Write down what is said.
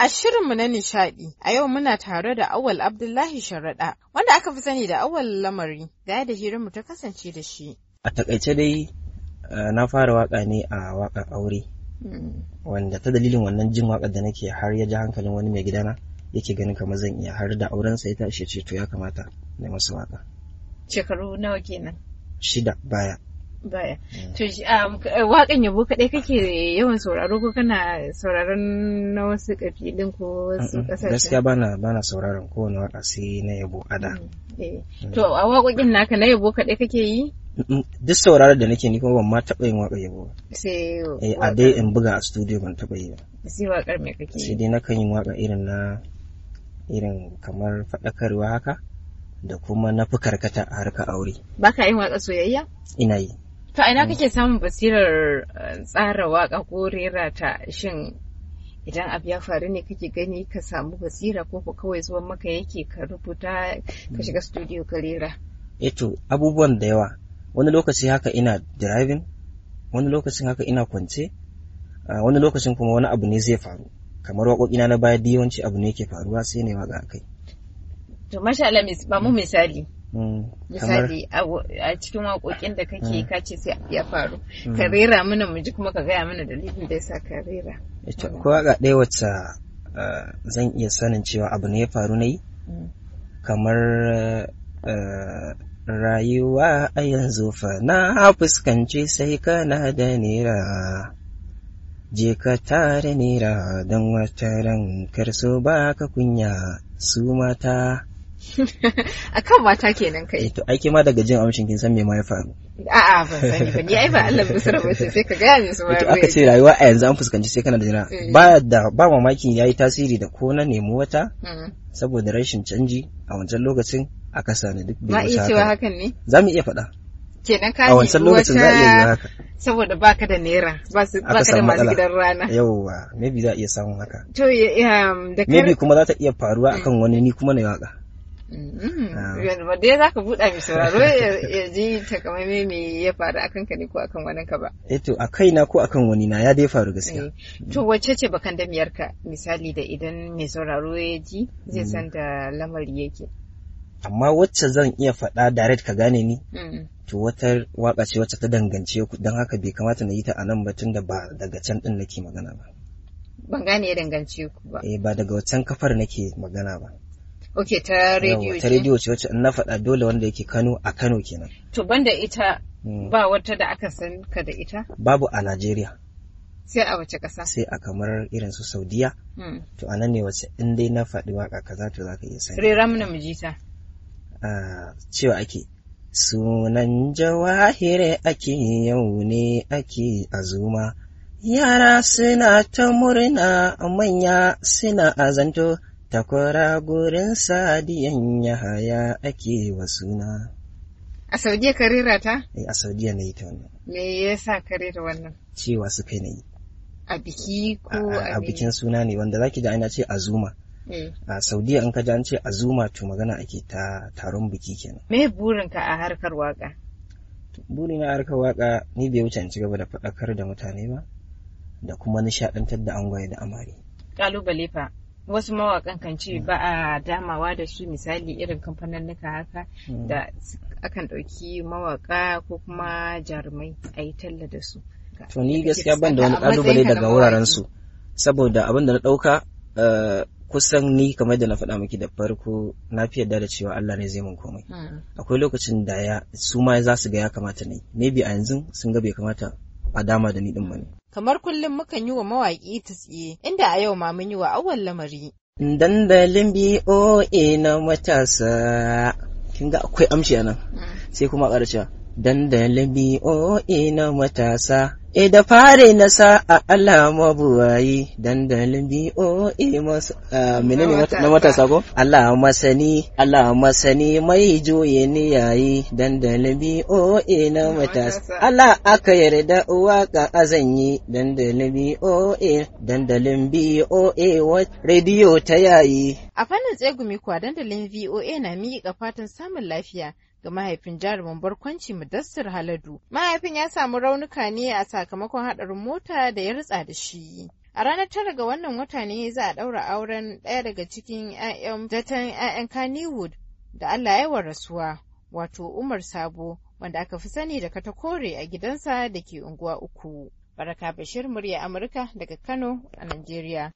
A shirinmu na nishaɗi, a yau muna tare da Awal Abdullahi Sharaɗa, wanda aka fi sani da Awal Lamari, da da hirinmu ta kasance da shi. A takaice dai na fara waka ne a waƙar aure, hmm. wanda ta dalilin wannan jin waƙar da nake har ya ji hankalin wani mai gidana yake ganin kamar zan iya har da aurensa ya tashi ce to ya kamata ne masu waka. Shekaru nawa kenan? Shida baya. baya mm. to um, eh, waƙan yabo kaɗai kake yawan sauraro ko kana sauraron na wasu ƙabilun ko wasu ƙasashe gaskiya bana bana sauraron kowane waƙa sai na yabo ada mm, eh. mm. to a waƙoƙin naka na yabo kaɗai kake yi duk sauraron da nake ni kuma ban ma taɓa yin waƙa yabo sai eh, a dai in buga a studio ban taɓa yi ba sai waƙar me kake sai dai nakan yi waƙa irin na irin kamar faɗakarwa haka da kuma na fi karkata a harkar aure. Ba ka yin waƙa soyayya? Ina yi. To ina kake samun basirar eh, tsara waka ko rera ta shin idan abu ya faru ne kake gani ka samu basira ko ku kawai zuwan maka yake ka rubuta ka shiga studio ka rera. Eto eh abubuwan da yawa wani lokaci haka ina driving wani lokacin haka ina kwance wani lokacin kuma wani abu ne zai faru kamar waƙoƙina na baya yawanci abu ne ke faruwa sai ne waƙa kai. To masha Allah ba mu misali. misali a cikin waƙoƙin da kake mm. ka ce sai ya faru mm. ka rera mana mu ji kuma ka gaya mana dalilin da yasa ka rera ko waƙa ɗaya wacce zan iya sanin cewa abu ne ya faru na yi mm. kamar rayuwa a yanzu fa na fuskanci sai kana da nera je ka tare nera don wata ran karso ba ka kunya su mata A kan mata kenan kai eh to ai ma daga jin amshin kin san me ma ya faru a'a ban sani ba ni ai ba Allah busra ba sai ka gaya min su ma aka ce rayuwa a yanzu an fuskanci sai kana da jira eh. ba da ba mamaki yayi tasiri da ko na nemi wata mm. saboda rashin canji a wancan lokacin aka sani duk bai iya cewa hakan ne za mu iya faɗa kenan ka a wancan lokacin za a iya yi haka saboda baka da naira ba ka da masu gidan rana yawwa maybe za a iya samun haka to um, maybe kuma za ta iya faruwa akan wani ni kuma na waka Mm. Ba dai za ka buɗa mai sauraro ya ji takamaimai me ya faru akan ka ne ko akan wani ka ba. Eto eh a kaina ko akan wani na ya dai faru gaskiya. Eh, to wacce ce bakan damiyar ka misali da idan mai sauraro ya ji zai mm. san da lamari yake. Amma wacce zan iya faɗa direct ka gane ni? Mm. To wata waka ce wacce ta dangance ku don haka bai kamata na yi ta a nan ba tun da ba daga can ɗin nake magana ba. Ban gane ya dangance ku ba. Eh ba daga wancan kafar nake magana ba. ok ta rediyo ta rediyo ce wacce na faɗa dole wanda yake kano a kano kenan to banda ita hmm. ba wata da aka san ka da ita babu a najeriya sai a wace ƙasa sai a kamar irin su saudiya hmm. to a nan ne wace in dai na faɗi waka kaza to ka iya sani rera mana mujita uh, cewa ake sunan jawahire ake yau ne ake azuma yara suna ta murna manya suna azanto takwara gurin sadiyan yahaya ake wa suna. A Saudiya ka rera ta? Eh, a Saudiya na yi ta wannan. Me yasa ka rera wannan? Cewa suka yi. A biki ko a bikin suna ne wanda zaki ji ana ce azuma. Eh. A Saudiya an ka ji an ce azuma to magana ake ta taron biki kenan. Me burinka a harkar waka? Buri na harkar waka ni bai wuce in ci gaba da faɗakar da mutane ba da kuma nishaɗantar da angwaye da amare. Kalubale fa. wasu mawakan kan ce mm. ba a damawa da su misali irin kamfanannuka haka mm. da akan ɗauki mawaka ko kuma jarumai a yi talla da su. To ni gaskiya ban da wani ƙalubale daga wuraren su saboda abin da na ɗauka eh, kusan ni kamar da na faɗa miki da farko na fi yarda da cewa Allah ne zai mun komai mm. akwai lokacin da ya su ma za su ga ya kamata ne maybe a yanzu sun ga bai kamata a dama da ni din ne kamar kullum mukan yi wa mawaƙi ta tsiye inda a yau ma mun yi wa awon lamari. Dandalin BOA na matasa. Kin ga akwai amshi a nan. Mm. Sai kuma a ƙarshen. Dandalin BOA na matasa. E da fare na sa a Allah mabuwayi dandalin BOA masu ah, menene na matasa ko? Allah masani, Allah masani mai juye ni yayi dandalin BOA na matasa. Allah aka yarda uwa ka azanyi dandalin BOA, dandalin wa rediyo ta yayi. A fannin tsegumi kuwa dandalin VOA na miƙa fatan samun lafiya ga mahaifin jarumin barkwanci Mudassir Haladu. Mahaifin ya samu raunuka ne a sakamakon haɗarin mota da ya rutsa da shi. A ranar tara ga wannan wata ne za a ɗaura auren ɗaya daga cikin 'ya'yan datan 'ya'yan Kannywood da Allah ya rasuwa, wato Umar Sabo, wanda aka fi sani da katakore a gidansa da ke unguwa uku. Baraka Bashir murya Amurka daga Kano a Najeriya.